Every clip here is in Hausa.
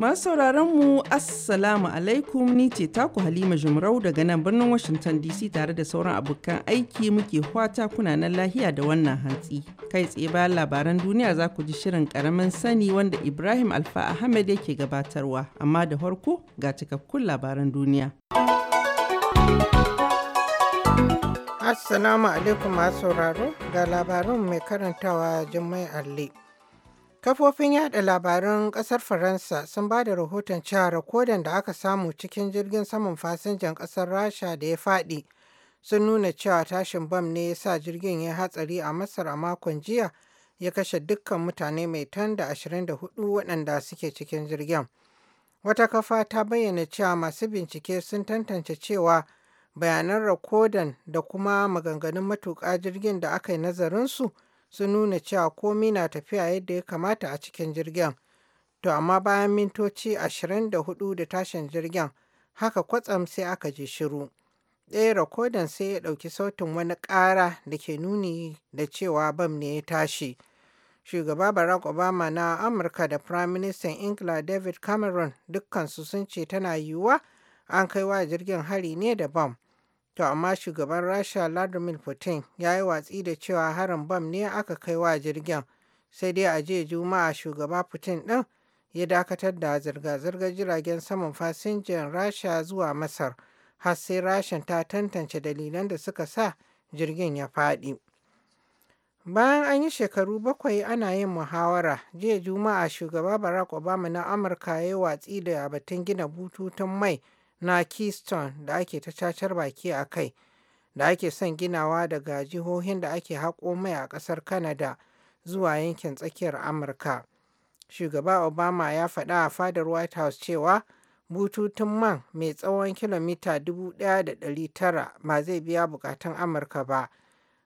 Masu sauraron mu Assalamu alaikum ni ce taku Halima Jumrau daga nan birnin Washington DC tare da sauran abokan aiki muke fata kuna nan lahiya da wannan hantsi. Kai tsaye bayan labaran duniya za ku ji shirin karamin sani wanda Ibrahim Alfa Ahmed yake gabatarwa amma da farko ga cikakkun labaran duniya. Assalamu alaikum masu sauraro ga labarin mai karantawa Jummai Alli. Kafofin yaɗa labarun ƙasar Faransa sun ba da rahoton cewa rakodin da aka samu cikin jirgin saman fasinjan ƙasar Rasha da ya faɗi sun nuna cewa tashin bam ne ya sa jirgin ya hatsari a Masar a makon jiya ya kashe dukkan mutane mai tan da 24 waɗanda suke cikin jirgin. Wata kafa ta bayyana cewa masu bincike sun tantance cewa bayanan rakodan da kuma maganganun matuƙa jirgin da aka yi nazarinsu su sun nuna cewa komi na tafiya yadda ya kamata a cikin jirgin. To amma bayan mintoci 24 da tashin jirgin haka kwatsam sai aka ji shiru. Ɗaya rakodin sai ya ɗauki sautin wani ƙara da ke nuni da cewa bam ne ya tashi. Shugaba Barack Obama na Amurka da Prime Minister Ingila David Cameron dukkansu sun ce tana yiwuwa an kai wa jirgin hari ne da bam. To amma shugaban Rasha Vladimir Putin ya yi watsi da cewa harin bam ne aka kai wa jirgin. Sai dai a jiya Juma'a shugaba Putin ɗin ya dakatar da zirga-zirgar jiragen saman fasinjan Rasha zuwa Masar har sai Rashan ta tantance dalilan da suka sa jirgin ya faɗi. Bayan an yi shekaru bakwai ana yin muhawara, jiya Juma'a shugaba Barack Obama na Amurka ya yi watsi da batun gina bututun mai na keystone da ake ta cacar baki a kai da ake son ginawa daga jihohin da ake haƙo mai a ƙasar canada zuwa yankin tsakiyar amurka shugaba obama ya faɗa a fadar white house cewa bututun man mai tsawon kilomita 1,900 ba zai biya bukatun amurka ba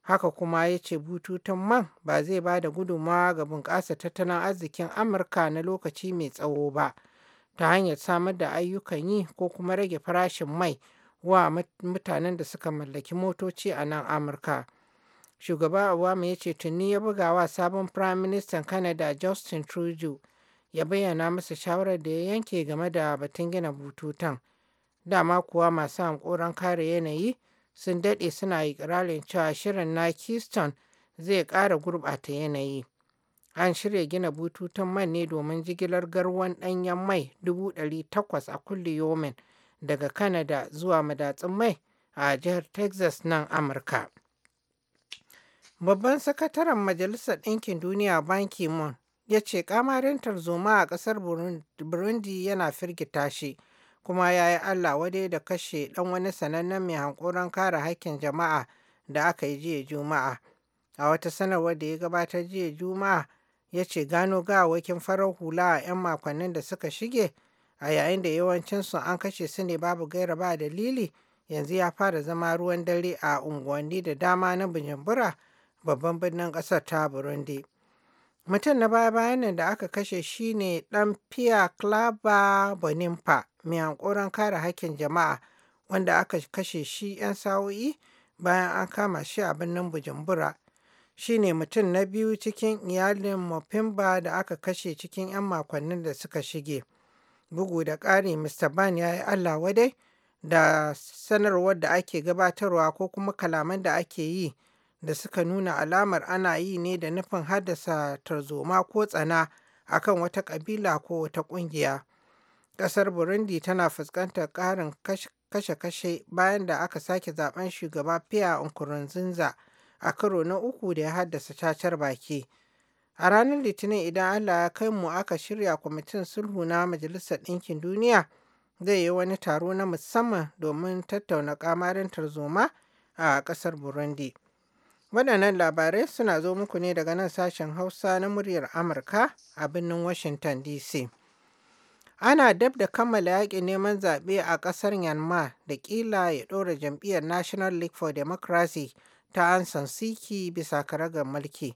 haka kuma ya ce bututun man ba zai ba da gudunmawa ga bunƙasa tattalin arzikin amurka na lokaci mai tsawo ba. ta hanyar samar da ayyukan yi ko kuma rage farashin mai wa mutanen da suka mallaki motoci a nan Amurka. Shugaba Obama ya ce tuni ya buga wa sabon Prime Minister Canada Justin Trudeau ya bayyana masa shawarar da ya yanke game da batun gina bututun. Dama kuwa masu hankoron kare yanayi sun dade suna ikirarin cewa shirin na Keystone zai ƙara gurɓata yanayi. An shirya gina bututun man ne domin jigilar garwan ɗanyen mai takwas a kulle yomen daga Kanada zuwa madatsin mai a jihar Texas nan Amurka. Babban sakataren Majalisar Ɗinkin Duniya Ban ki ya ce kamarin tarzoma a ƙasar Burundi yana firgita shi kuma ya yi Allah wadai da kashe ɗan wani sanannen mai hankoron kare haƙƙin jama'a da aka yi jiya Juma'a. A wata sanarwar da ya gabatar jiya Juma'a ya ce gano gawakin farar hula a 'yan makonnin da suka shige a yayin da yawancinsu an kashe su ne babu gaira ba dalili yanzu ya fara zama ruwan dare a unguwanni da dama na bujumbura babban birnin ƙasar ta burundi mutum na baya bayan nan da aka kashe shi ne dan Pia klaba bonimpa mai hankoron kare hakkin jama'a wanda aka kashe shi 'yan sa'o'i bayan an kama shi a birnin bujumbura shine mutum na biyu cikin iyalin Mopimba da aka kashe cikin 'yan makonnin da suka shige. Bugu da ƙari, Mr. Ban ya yi Allah wadai da sanarwar da ake gabatarwa ko kuma kalaman da ake yi da suka nuna alamar ana yi ne da nufin haddasa tarzoma ko tsana akan wata ƙabila ko wata ƙungiya. Ƙasar Burundi tana fuskantar ƙarin kashe-kashe bayan da aka sake zaben shugaba Pierre Nkurunziza. a karo na uku da ya haddasa cacar baki. A ranar Litinin idan Allah ya kai mu aka shirya kwamitin sulhu na Majalisar Ɗinkin Duniya zai yi wani taro na musamman domin tattauna kamarin tarzoma a ƙasar Burundi. Waɗannan labarai suna zo muku ne daga nan sashen Hausa na muryar Amurka a birnin Washington DC. Ana dab da kammala yaƙin neman zaɓe a ƙasar Myanmar da ƙila ya ɗora jam'iyyar National League for Democracy ta an siki bisa karagar mulki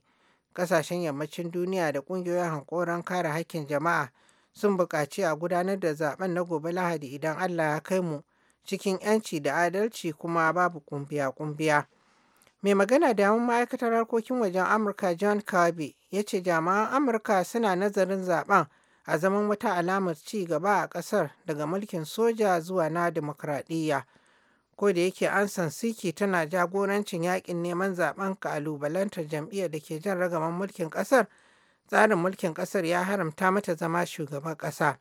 Kasashen yammacin duniya da ƙungiyoyin hankoron kare haƙƙin jama'a sun buƙaci a gudanar da zaben na gobe lahadi idan allah ya kai mu cikin 'yanci da adalci kuma babu kumbiya-kumbiya mai magana da yawan ma'aikatar harkokin wajen amurka john kirby ya ce jama'an amurka suna nazarin zaben a zaman wata alamar ci gaba a ƙasar daga mulkin soja zuwa na dimokuraɗiyya. ko da yake an san siki tana jagorancin yakin neman zaben kalubalantar jam'iyyar da ke jan ragaman mulkin kasar tsarin mulkin kasar ya haramta mata zama shugaban kasa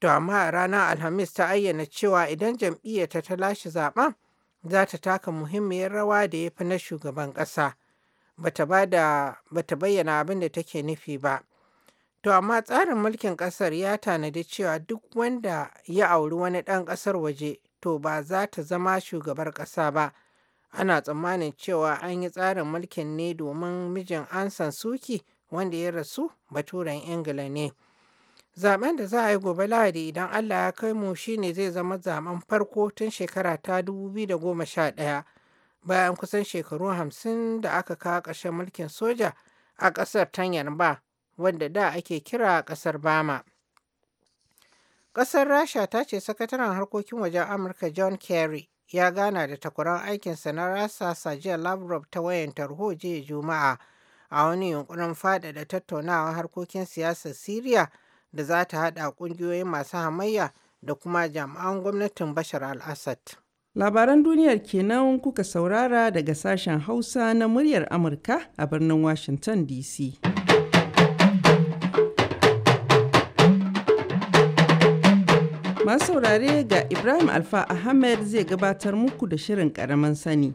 to amma a ranar alhamis ta ayyana cewa idan jam'iyyar ta lashe zaben za ta taka muhimmiyar rawa da ya fi na shugaban kasa bata bayyana abin da take nufi ba to amma tsarin mulkin kasar ya tanadi cewa duk wanda ya auri wani ɗan ƙasar waje to ba za ta zama shugabar ƙasa ba. Ana tsammanin cewa an yi tsarin mulkin ne domin mijin Ansan Suki wanda ya rasu baturen Ingila ne. Zaben da za a yi gobe Lahadi idan Allah ya kai mu shine zai zama zaben farko tun shekara ta 2011 bayan kusan shekaru hamsin da aka kawo ƙarshen mulkin soja a ƙasar Tanyar ba, wanda da ake kira ƙasar Bama. Ƙasar Rasha ta ce sakataren harkokin wajen Amurka John Kerry ya gana da takwaran aikinsa na rasa Sajiya Lavrov ta wayan tarho jiya Juma'a a wani yunkurin faɗaɗa tattaunawa harkokin siyasar Siriya da za ta haɗa ƙungiyoyin masu hamayya da kuma jami'an gwamnatin Bashar al-Assad. Labaran duniyar kenan kuka saurara daga sashen Hausa na muryar Amurka a birnin Washington DC. Masu saurare ga Ibrahim Alfa Ahmed zai gabatar muku da shirin ƙaramin sani.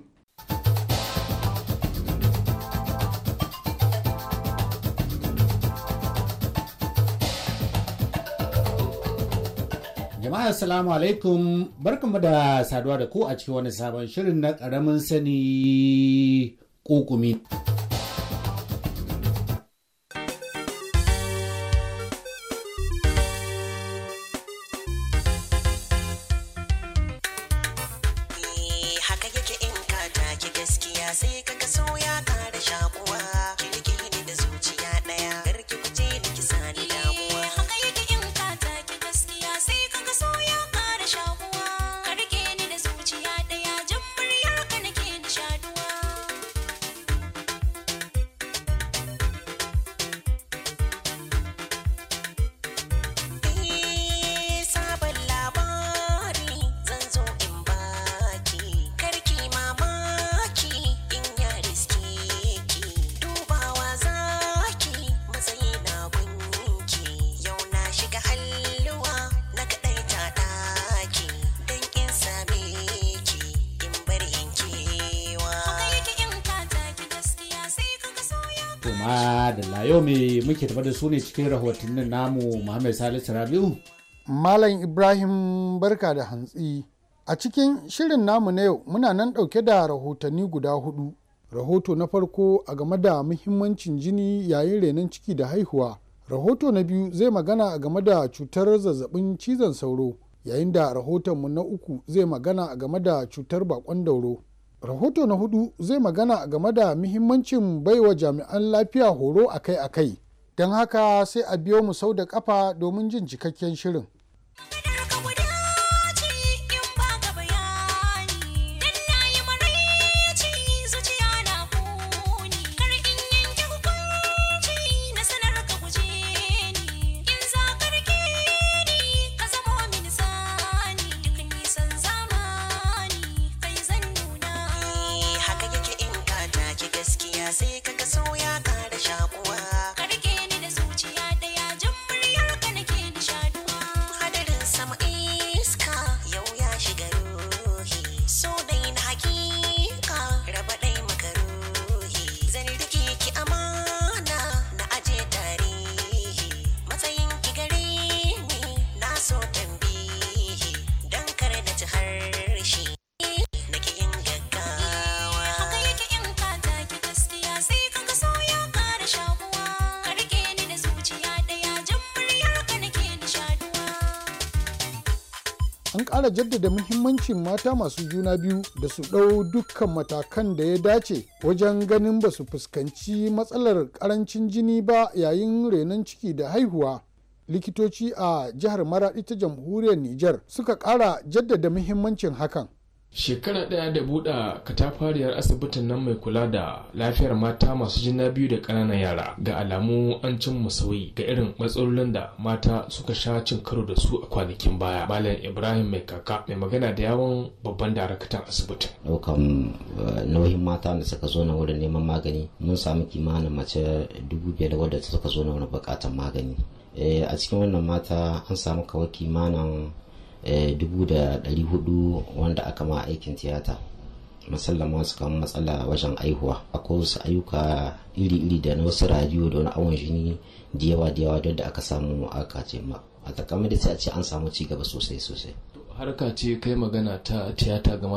jama'a assalamu alaikum barkanmu da saduwa da ku a cikin wani sabon shirin na karamin sani kokumi. Amma da me muke tafa da su ne cikin rahotannin namu Muhammad Salisu Rabiu. Malam Ibrahim barka da hantsi. A cikin shirin namu na yau muna nan ɗauke da rahotanni guda hudu. Rahoto na farko a game da muhimmancin jini yayin renon ciki da haihuwa. Rahoto na biyu zai magana a game da cutar zazzabin cizon sauro. Yayin da rahotonmu na uku zai magana a game da cutar bakon dauro. rahoto na hudu zai magana game da muhimmancin baiwa jami'an lafiya horo akai-akai don haka sai a biyo mu sau da kafa domin jin cikakken shirin. an ƙara jaddada muhimmancin mata masu juna biyu da su ɗau dukkan matakan da ya dace wajen ganin ba su fuskanci matsalar ƙarancin jini ba yayin renon ciki da haihuwa likitoci a jihar maraɗi ta jamhuriyar niger suka ƙara jaddada muhimmancin hakan shekara ɗaya da buɗa katafariyar asibitin nan mai kula da lafiyar mata masu jina biyu da ƙananan yara ga alamu an cin sauyi ga irin matsalolin da mata suka sha cin karo da su a kwanakin baya malam ibrahim mai kaka mai magana da yawon babban daraktan asibitin ɗaukan eh, nauyin mata da suka zo na wurin neman magani mun samu kimanin mace dubu biyar wadda suka zo na wurin buƙatar magani eh, a cikin wannan mata an samu kawai kimanin Eh, dubu da hudu wanda aka ma aikin tiyata musallama su kama matsala wajen aihuwa akwai wasu ayyuka iri-iri da na wasu radiyo da wani awon jini da yawa da yawa da aka samu aka ce ma a takamai da sai ce an samu ci gaba sosai sosai harka ce kai magana ta tiyata ga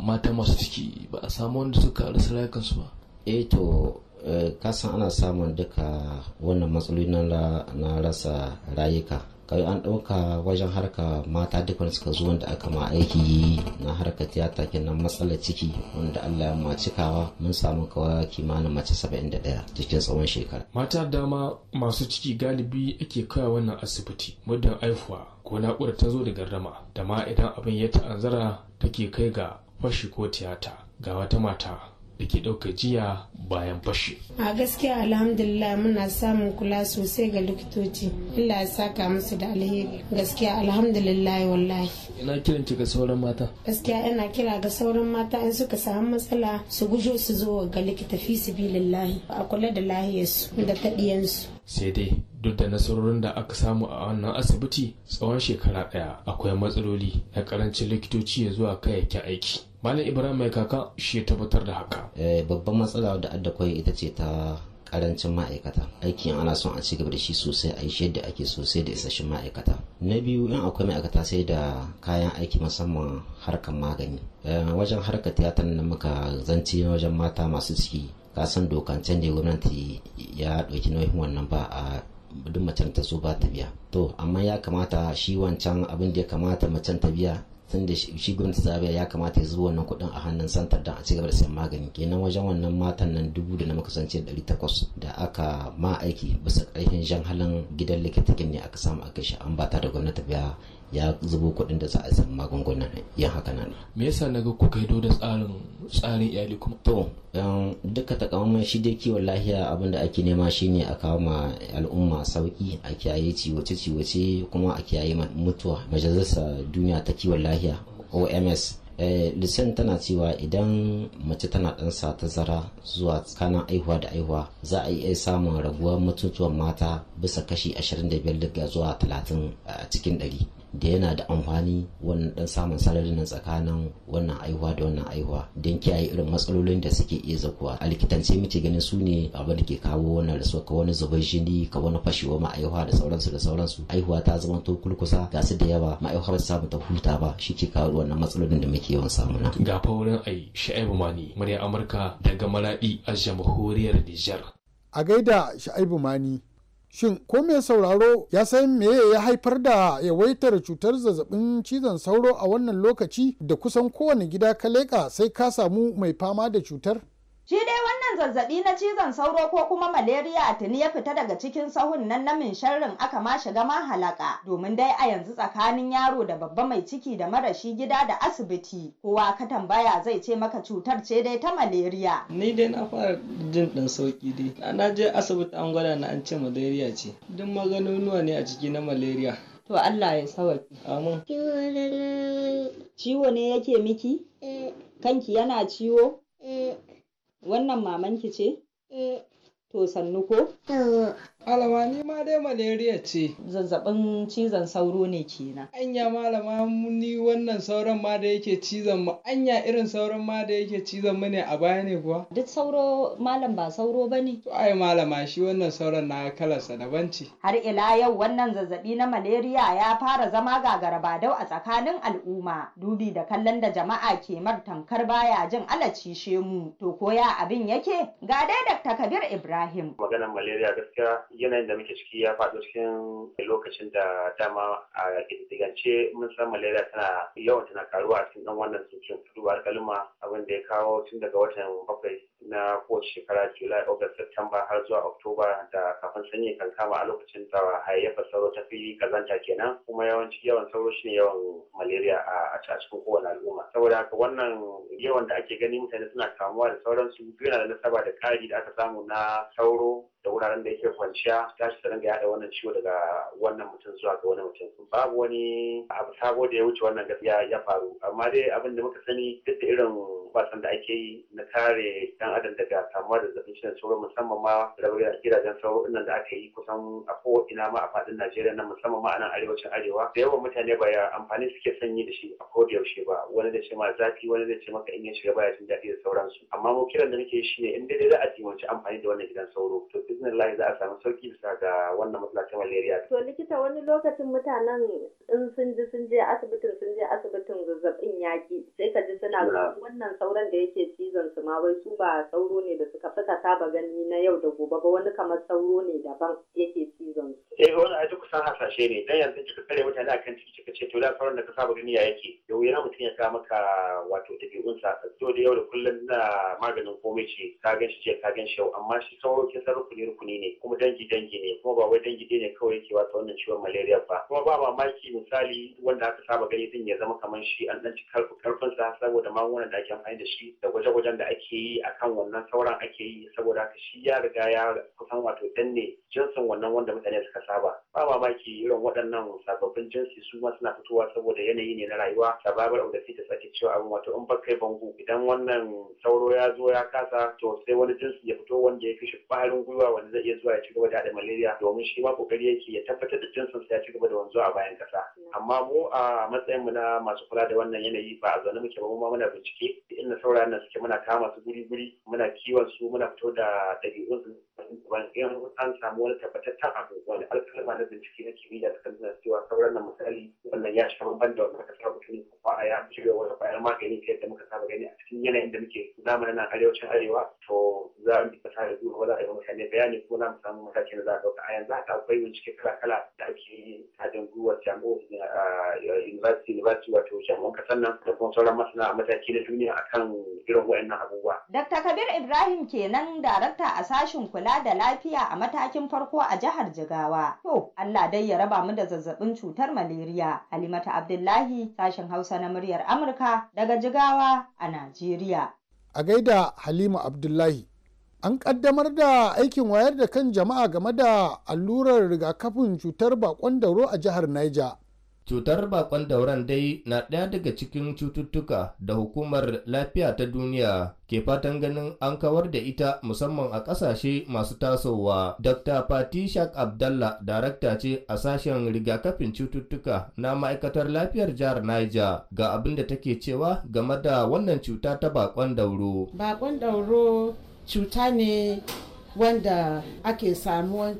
mata masu ciki ba a samu wanda suka rasa rayukansu ba eh to eh, kasan ana samun duka wannan matsaloli na rasa rayuka kai an ɗauka wajen harka mata dukkan suka zo wanda aka ma aiki na harka tiyata kenan matsalar ciki wanda Allah ya ma cikawa mun samu kawa kimanin mace 71 cikin tsawon shekara mata dama masu ciki galibi ake kawo wannan asibiti muddin aihuwa ko na'urar ta zo da rama da ma idan abin ya ta'anzara take kai ga fashi ko tiyata ga wata mata da ke ɗauka jiya bayan fashi. A gaskiya alhamdulillah muna samun kula sosai ga likitoci. Allah ya saka musu da alheri. Gaskiya alhamdulillah wallahi. Ina kiran ga sauran mata. Gaskiya ina kira ga sauran mata in suka samu matsala su gujo su zo ga likita fi su bi lillahi. A kula da lahiyarsu da taɗiyansu. Sai dai duk da nasarorin da aka samu a wannan asibiti tsawon shekara ɗaya akwai matsaloli na karancin likitoci ya zuwa kayayyakin aiki malam ibrahim mai kaka shi ya tabbatar da haka eh, babban matsala da adda ita ce ta karancin ma'aikata aikin ana son a ci gaba da shi sosai a yi yadda ake sosai da isasshen ma'aikata na biyu in akwai ma'aikata sai da kayan aiki musamman harkar magani eh, wajen harkar tiyatar nan muka zance wajen mata masu ciki kasan dokancen da gwamnati ya ɗauki nauyin wannan ba a duk macen ta so ba ta biya to amma ya kamata shi wancan abin da ya kamata macen ta biya tun da shi gwamnati ta biya ya kamata ya zuba wannan kuɗin a hannun santar don a ci gaba da sayan magani kenan wajen wannan matan nan dubu da na makasance ɗari takwas da aka ma aiki bisa ƙarfin jan halin gidan likitakin ne aka samu aka shi an ba ta da gwamnati biya ya zubo kuɗin da za a san magungunan yin haka nan me yasa naga ku kaido da tsarin tsarin iyali kuma to um, duka takamaiman shi dai kiwon lahiya abin da ake nema shine a kawo ma al'umma sauki a kiyaye ciwace ciwace kuma a kiyaye mutuwa majalisar duniya ta kiwon lahiya oms eh, lisan tana cewa idan mace tana dan sa tazara zuwa tsakanin aihuwa da aihuwa za a iya samun raguwar mutuwar mata bisa kashi 25 zuwa 30 a cikin 100 da yana da amfani wannan dan samun sarari na tsakanin wannan aihuwa da wannan aihuwa don kiyaye irin matsalolin da suke iya zakuwa a likitance muke ganin su ne abin da ke kawo wannan rasuwa ka wani zubar jini ka wani fashewa ma'aihuwa da sauransu da sauransu aihuwa ta zama to kulkusa ga su da yawa ma'aihuwar samu ta huta ba shi ke kawo wannan matsalolin da muke yawan samu na. ga fa wurin ai sha'ibu mani murya amurka daga maladi a jamhuriyar nijar. a gaida sha'ibu mani Shin ko mai sauraro ya san meye ya haifar da yawaitar cutar zazzabin cizon sauro a wannan lokaci da kusan kowane gida ka leƙa sai ka samu mai fama da cutar? Shi dai wannan zazzabi na cizon sauro ko kuma malaria a tuni ya fita daga cikin sahun nan na min sharrin aka ma shiga ma halaka domin dai a yanzu tsakanin yaro da babba mai ciki da marashi gida da asibiti kowa ka tambaya zai ce maka cutar ce dai ta malaria. Ni dai na fara jin dan sauki dai. Na je asibiti an gwada na an ce malaria ce. Duk maganunuwa ne a ciki na malaria. To Allah ya sawaki. Amin. Ciwo ne yake miki? Eh. Kanki yana ciwo? Eh. Wannan mamanki ce? Eh. To sannu ko? Malama ni ma dai malaria ce. Zazzabin cizon sauro ne kenan. Anya malama ni wannan sauran ma da yake cizon mu anya irin sauran ma da yake cizon mu ne a baya ne kuwa. Duk sauro malam ba sauro bane. To ai malama shi wannan sauran na kalarsa daban ce. Har ila yau wannan zazzabi na malaria ya fara zama gagarabadau a tsakanin al'umma dubi da kallon da jama'a ke mar tamkar baya jin alaci shemu to koya abin yake ga dai Dr. Kabir Ibrahim. Maganar malaria gaskiya yanayin da muke ciki ya faɗo cikin lokacin da dama a ƙididdigance mun san malaria tana yawan tana karuwa a cikin ɗan wannan tsuntsun duba alƙaluma abin da ya kawo tun daga watan bakwai na kowace shekara Julai, August, September har zuwa Oktoba da kafin sanyi kan kama a lokacin da hayayyafa sauro ta fi kazanta kenan kuma yawanci yawan sauro shine yawan malaria a cikin kowane al'umma. Saboda haka wannan yawan da ake gani mutane suna kamuwa da sauransu yana da nasaba da kari da aka samu na sauro da wuraren da yake kwanciya tashi ta dinga yada wannan ciwo daga wannan mutum zuwa ga wani mutum babu wani abu sabo da ya wuce wannan gaskiya ya faru amma dai abin da muka sani duk da irin wasan da ake yi na kare dan adam daga kamuwa da zazzabin cizon sauro musamman ma rabar a gidajen sauro nan da aka yi kusan a ko'ina ma a faɗin Najeriya nan musamman ma a nan arewacin arewa da yawan mutane ba ya amfani suke sanyi da shi a ko da yaushe ba wani da ce ma zafi wani da ce maka in ya shiga baya jin daɗi da sauransu amma mu kiran da nake shi ne in dai za a dimanci amfani da wannan gidan sauro to bismillah za a samu sauki bisa ga wannan matsala ta malaria to likita wani lokacin mutanen in sun ji sun je asibitin sun je asibitin zazzabin yaƙi, sai ka ji suna wannan sauran da yake cizon su ma wai su ba sauro ne da suka ka saba gani na yau da gobe ba wani kamar sauro ne daban yake cizon su. Eh wani a kusan hasashe ne dan yanzu kika kare mutane akan ciki kika ce to da sauran da ka saba gani ya yake yau yana mutum ya kawo maka wato ɗabi'un sa to da yau da kullum na maganin komai ce ka gan ce ka gan yau amma shi sauro ke san rukuni rukuni ne kuma dangi dangi ne kuma ba wai dangi ne kawai yake wata wannan ciwon malaria ba kuma ba mamaki misali wanda aka saba gani din ya zama kamar shi an dan ci karfin sa saboda magungunan da ake amfani da shi da gwaje-gwajen da ake yi akan akan wannan sauran ake yi saboda haka shi ya riga ya kusan wato danne jinsin wannan wanda mutane suka saba ba mamaki irin waɗannan sababbin jinsi su ma suna fitowa saboda yanayi ne na rayuwa sababar of the fittest ake cewa abin wato in bakai bango idan wannan sauro ya zo ya kasa to sai wani jinsi ya fito wanda ya fi shi ƙwarin gwiwa wanda zai iya zuwa ya ci gaba da haɗa malaria domin shi ma kokari yake ya tabbatar da jinsin ya ci gaba da wanzuwa a bayan kasa. amma mu a matsayin mu na masu kula da wannan yanayi ba a zaune muke ba mu ma muna bincike inda saurayen nan suke muna kama su guri guri muna kiwon su muna fito da ɗabi'unsu an samu wani tabbataccen abu wani alkalma da bincike na kimiyya da kan cewa sauran na misali wannan ya sha ban da wannan kasar mutum ko a ya shirya wani kwayar magani ta yadda muka saba gani a cikin yanayin da muke zamanin nan arewacin arewa to za mu bi kasa zuwa za a yi mutane bayani ko na mu samu mataki da za a dauka a yanzu haka akwai bincike kala kala da ake yi guwa gwiwar jami'o university university wato jami'an kasar nan da kuma sauran masana a mataki na duniya akan irin wa'annan abubuwa. Dr. Kabir Ibrahim kenan darakta a sashen kula kula da lafiya a matakin farko a jihar Jigawa. To, Allah dai ya raba mu da zazzabin cutar malaria. Halimata Abdullahi, sashen Hausa na muryar Amurka daga Jigawa a Najeriya. A gaida Halima Abdullahi. An ƙaddamar da aikin wayar da kan jama'a game da allurar rigakafin cutar bakon dauro a jihar Niger. Cutar bakon dauran dai na ɗaya daga cikin cututtuka da hukumar lafiya ta duniya ke fatan ganin an kawar da ita musamman a ƙasashe masu tasowa. Dr. Fati Shak Abdallah, darakta ce a sashen rigakafin cututtuka na ma'aikatar lafiyar jihar Niger ga abin da take cewa game da wannan cuta ta bakon dauro. Bakon dauro cuta ne wanda ake samun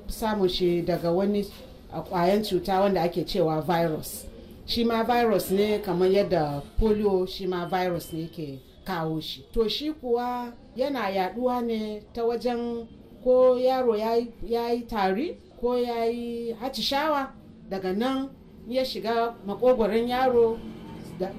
shi daga wani a kwayan cuta wanda ake cewa virus shi ma virus ne kamar yadda polio shi ma virus ne ke kawo shi to shi kuwa yana yaduwa ne ta wajen ko yaro ya yi tari ko ya yi hatishawa daga nan ya shiga makogoron yaro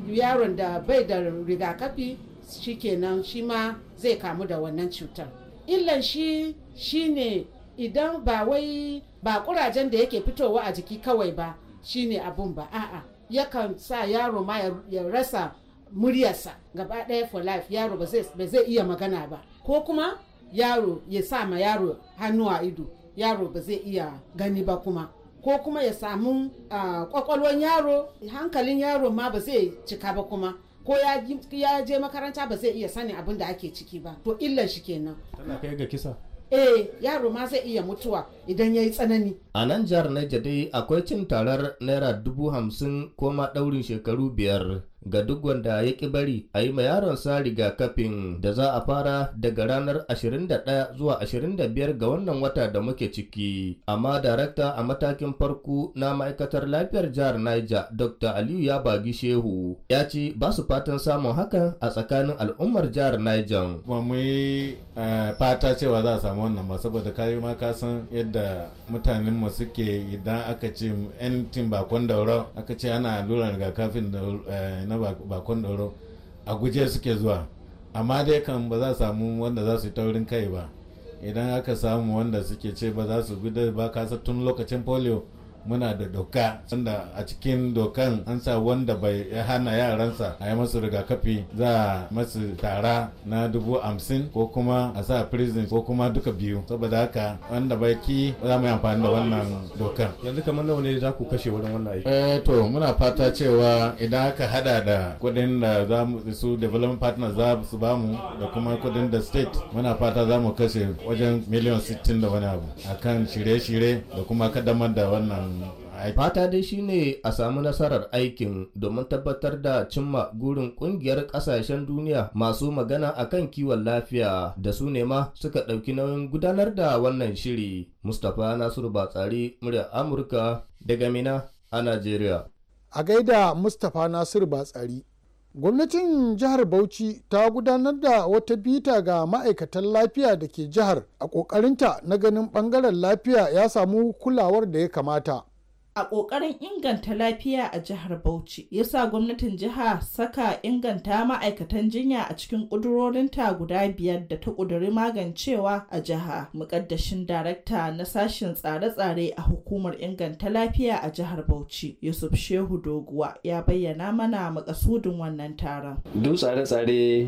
yaron da bai da rigakafi shikenan shi ma zai kamu da wannan cutar illan shi shine idan ba wai ba kurajen da yake fitowa a jiki kawai ba shine abun ba a'a yakan sa yaro ma ya rasa muryarsa gaba ɗaya for life yaro ba zai iya magana ba ko kuma yaro ya sa ma yaro hannu a ido yaro ba zai iya gani ba kuma ko kuma ya samu kwakwalwan yaro hankalin yaro ma ba zai cika ba kuma ko ya je makaranta ba zai iya sani abin da ake ciki ba to illan shi kenan tana kai ga kisa eh yaro ma zai iya mutuwa idan ya yi tsanani. A nan jihar Niger dai akwai cin tarar naira dubu hamsin ko ma ɗaurin shekaru biyar ga duk wanda ya ki bari a yi ma yaronsa rigakafin da za a fara daga ranar 21 zuwa 25 ga wannan wata da muke ciki. Amma darakta a matakin farko na ma'aikatar lafiyar jihar Niger Dr. Aliyu ya bagi Shehu ya ce ba su fatan samun hakan a tsakanin al'ummar jihar Niger. Ba mu yi eh, fata cewa za a samu wannan ba saboda kayi ma ka san yadda mutanenmu suke idan aka ce 'yan bakon daura aka ce ana allurar rigakafin da eh, na bakon ɗoro a guje suke zuwa amma dai kan ba za samu wanda za su yi taurin kai ba idan aka samu wanda suke ce ba za su bi da ba kasa tun lokacin polio muna da doka wanda a cikin dokan an sa wanda bai hana yaransa a yi masu rigakafi za a masu tara na dubu hamsin ko kuma a sa prison ko kuma duka biyu saboda haka wanda bai ki za mu yi amfani da wannan dokan yanzu kamar nawa ne za ku kashe wurin wannan aiki eh to muna fata cewa idan aka hada da kuɗin da za mu su development partners za su ba mu da kuma kuɗin da state muna fata za mu kashe wajen miliyan 60 da wani abu akan shirye-shirye da kuma kadamar da wannan fata dai shi ne a samu nasarar aikin domin tabbatar da cimma gurin kungiyar kasashen duniya masu magana akan kiwon lafiya da su ne ma suka ɗauki nauyin gudanar da wannan shiri mustapha nasiru batsari murya amurka daga mina a najeriya a gaida mustapha nasiru batsari gwamnatin jihar bauchi ta gudanar da wata bita ga ma'aikatan lafiya da ke jihar a ƙoƙarinta na ganin ɓangaren lafiya ya samu kulawar da ya kamata a ƙoƙarin inganta lafiya a jihar Bauchi ya sa gwamnatin jiha saka inganta ma'aikatan jinya a cikin ƙudurorinta guda biyar da ta ƙuduri magancewa a jiha. Muƙaddashin darakta na sashen tsare-tsare a hukumar inganta lafiya a jihar Bauchi Yusuf Shehu Doguwa ya bayyana mana makasudin wannan taron. Duk tsare-tsare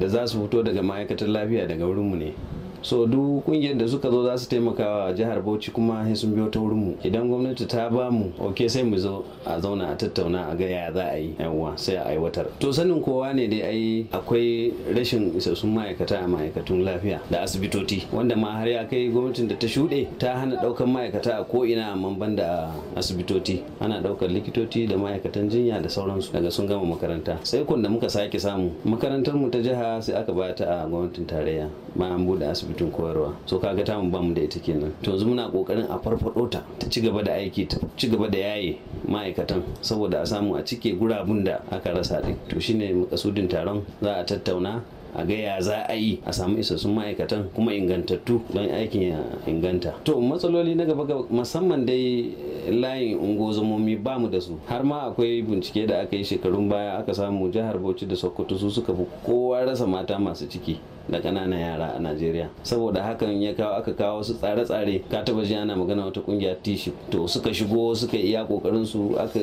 da za su fito daga ma'aikatar lafiya daga wurinmu ne. so duk kungiyar da suka zo za su taimaka wa jihar bauchi kuma sun biyo ta wurinmu idan gwamnati ta ba mu ok sai mu zo a zauna a tattauna a ga za a yi yawa sai a aiwatar to sanin kowa ne dai ai akwai rashin isassun ma'aikata a ma'aikatun lafiya da asibitoci wanda ma har ya kai gwamnatin da ta shuɗe ta hana ɗaukar ma'aikata a ko'ina amma ban da asibitoci ana ɗaukar likitoci da ma'aikatan jinya da sauransu daga sun gama makaranta sai kun da muka sake samu makarantar mu ta jiha sai aka bata a gwamnatin tarayya ma an buɗe asibiti asibitin koyarwa so kaga tamu bamu da ita kenan to yanzu muna kokarin a farfado ta ta ci gaba da aiki ta ci gaba da yaye ma'aikatan saboda a samu a cike gurabun da aka rasa din to shine makasudin taron za a tattauna a ga ya za a yi a samu isassun ma'aikatan kuma ingantattu don aikin ya inganta to matsaloli na gaba ga musamman dai layin ungozomomi ba mu da su har ma akwai bincike da aka yi shekarun baya aka samu jihar bauchi da sokoto su suka fi kowa rasa mata masu ciki da ƙananan yara a najeriya saboda hakan ya kawo aka kawo wasu tsare-tsare ka taba ji ana magana wata kungiya tishi to suka shigo suka iya kokarin su aka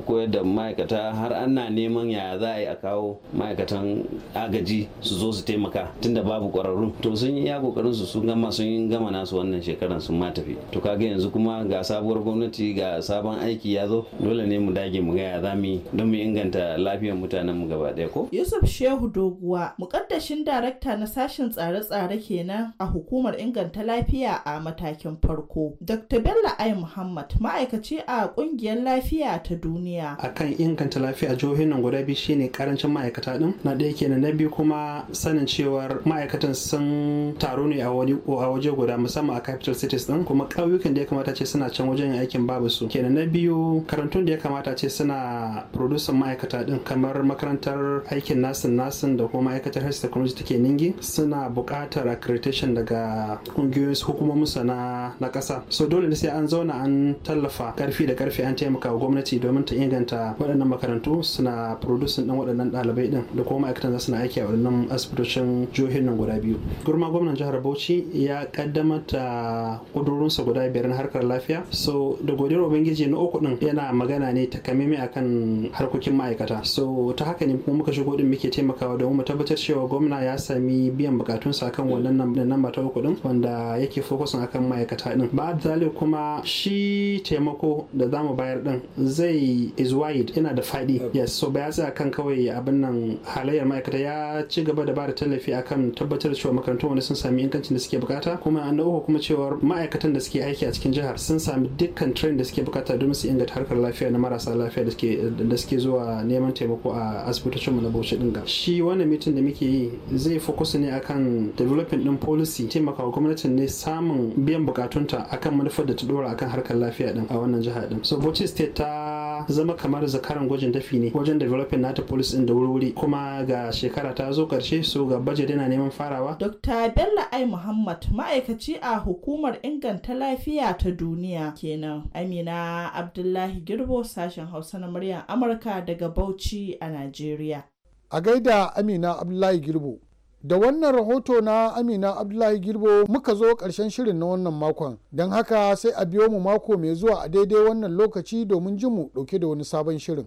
koyar da ma'aikata har ana neman ya za a yi a kawo ma'aikatan agaji su zo su taimaka tunda babu ƙwararru to sun yi iya kokarin su sun gama sun gama nasu wannan shekaran sun ma tafi to kaga yanzu kuma ga sabuwar gwamnati ga sabon aiki ya zo dole ne mu dage mu ga ya za mu don mu inganta lafiyar mutanen mu gaba ɗaya ko yusuf shehu doguwa mukaddashin darakta na sashen tsare-tsare kenan a hukumar inganta lafiya a matakin farko. Dr. Bello Ai Muhammad ma'aikaci a kungiyar lafiya ta duniya. Akan inganta lafiya jihohin nan guda biyu shine karancin ma'aikata din. Na ɗaya kenan na biyu kuma sanin cewar ma'aikatan sun taru ne a wani a waje guda musamman a capital cities din kuma ƙauyukan da ya kamata ce suna can wajen aikin babu su. Kenan na biyu karantun da ya kamata ce suna producing ma'aikata din kamar makarantar aikin nasin nasin da kuma ma'aikatar health technology take ningi suna buƙatar accreditation daga ƙungiyoyin hukumomin su na na ƙasa so dole ne sai an zauna an tallafa karfi da karfi an taimaka wa gwamnati domin ta inganta waɗannan makarantu suna producing ɗin waɗannan ɗalibai ɗin da kuma ma'aikatan suna aiki a waɗannan asibitocin jihohin nan guda biyu gurma gwamnan jihar bauchi ya kaddamar ta ƙudurinsa guda biyar na harkar lafiya so da godiyar ubangiji na uku ɗin yana magana ne takamaimai akan harkokin ma'aikata so ta haka ne kuma muka shigo ɗin muke taimakawa domin mu tabbatar cewa gwamna ya sami nemi biyan sa akan wannan namba ta uku din wanda yake fokusin akan ma'aikata din ba da kuma shi taimako da zamu bayar din zai is wide yana da faɗi yes so ya tsaya kan kawai abin nan halayyar ma'aikata ya ci gaba da ba da tallafi akan tabbatar cewa makarantun wani sun sami ingancin da suke bukata kuma na uku kuma cewar ma'aikatan da suke aiki a cikin jihar sun sami dukkan train da suke bukata don su inganta harkar lafiya na marasa lafiya da suke zuwa neman taimako a asibitocinmu na bauchi din ga shi wannan mitin da muke yi zai fokus fokus ne akan developing din policy taimakawa gwamnatin ne samun biyan bukatunta akan manufar da ta dora akan harkar lafiya din a wannan jihar din so Bauchi state ta zama kamar zakaran gwajin dafi ne wajen developing nata policy din da wuri kuma ga shekara ta zo karshe so ga budget yana neman farawa Dr. Bello Ai Muhammad ma'aikaci a hukumar inganta lafiya ta duniya kenan Amina Abdullahi Girbo sashen Hausa na muryar Amurka daga Bauchi a Najeriya a gaida Amina Abdullahi Girbo Da wannan rahoto na Amina Abdullahi Girbo muka zo karshen shirin na wannan makon. Don haka sai a biyo mu mako mai zuwa a daidai wannan lokaci domin jin mu ɗauke da wani sabon shirin.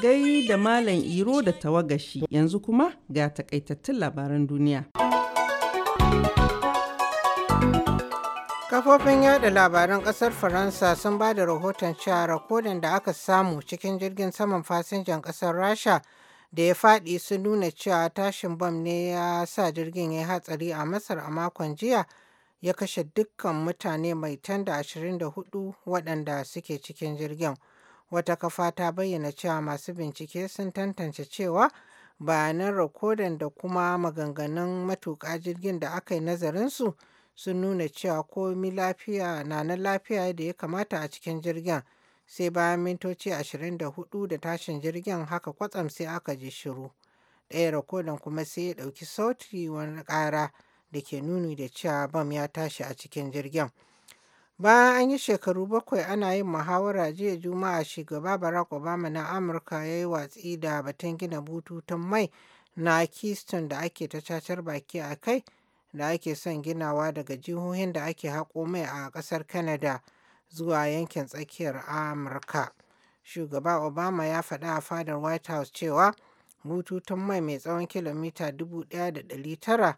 gai da Malam Iro da tawagashi yanzu kuma ga takaitattun labaran duniya. Kafofin yada labaran kasar Faransa sun ba da rahoton cewa rakodin da aka samu cikin jirgin saman fasinjan kasar Rasha da ya faɗi sun nuna cewa tashin bam ne ya sa jirgin ya hatsari a Masar a makon jiya ya kashe dukkan mutane mai tanda 24 waɗanda suke cikin jirgin. Wata kafa ta bayyana cewa masu bincike sun tantance cewa bayanan rakodin da kuma maganganun matuƙa jirgin da aka yi nazarinsu sun nuna cewa komi lafiya na nan lafiya da ya kamata a cikin jirgin sai bayan mintoci 24 da tashin jirgin haka kwatsam sai aka ji shiru ɗaya rakodin kuma sai ya ɗauki sauti wani ƙara da ke nuni da cewa bam ya tashi a cikin jirgin Bayan an yi shekaru bakwai ana yin muhawara jiya Juma'a shugaba Barack Obama na Amurka ya yi watsi da batun gina bututun mai na Keystone da ake ta cacar baki a kai da ake son ginawa daga jihohin da ake haƙo mai a ƙasar Canada zuwa yankin tsakiyar Amurka. Shugaba Obama ya faɗa a fadar White House cewa bututun mai mai tsawon kilomita 1,900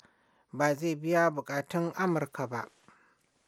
ba zai biya buƙatun Amurka ba.